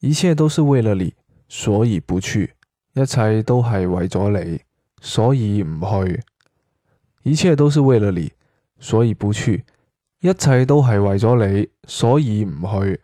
一切都是為了你，所以不去；一切都係為咗你，所以唔去；一切都是為了你，所以不去；一切都係為咗你，所以唔去。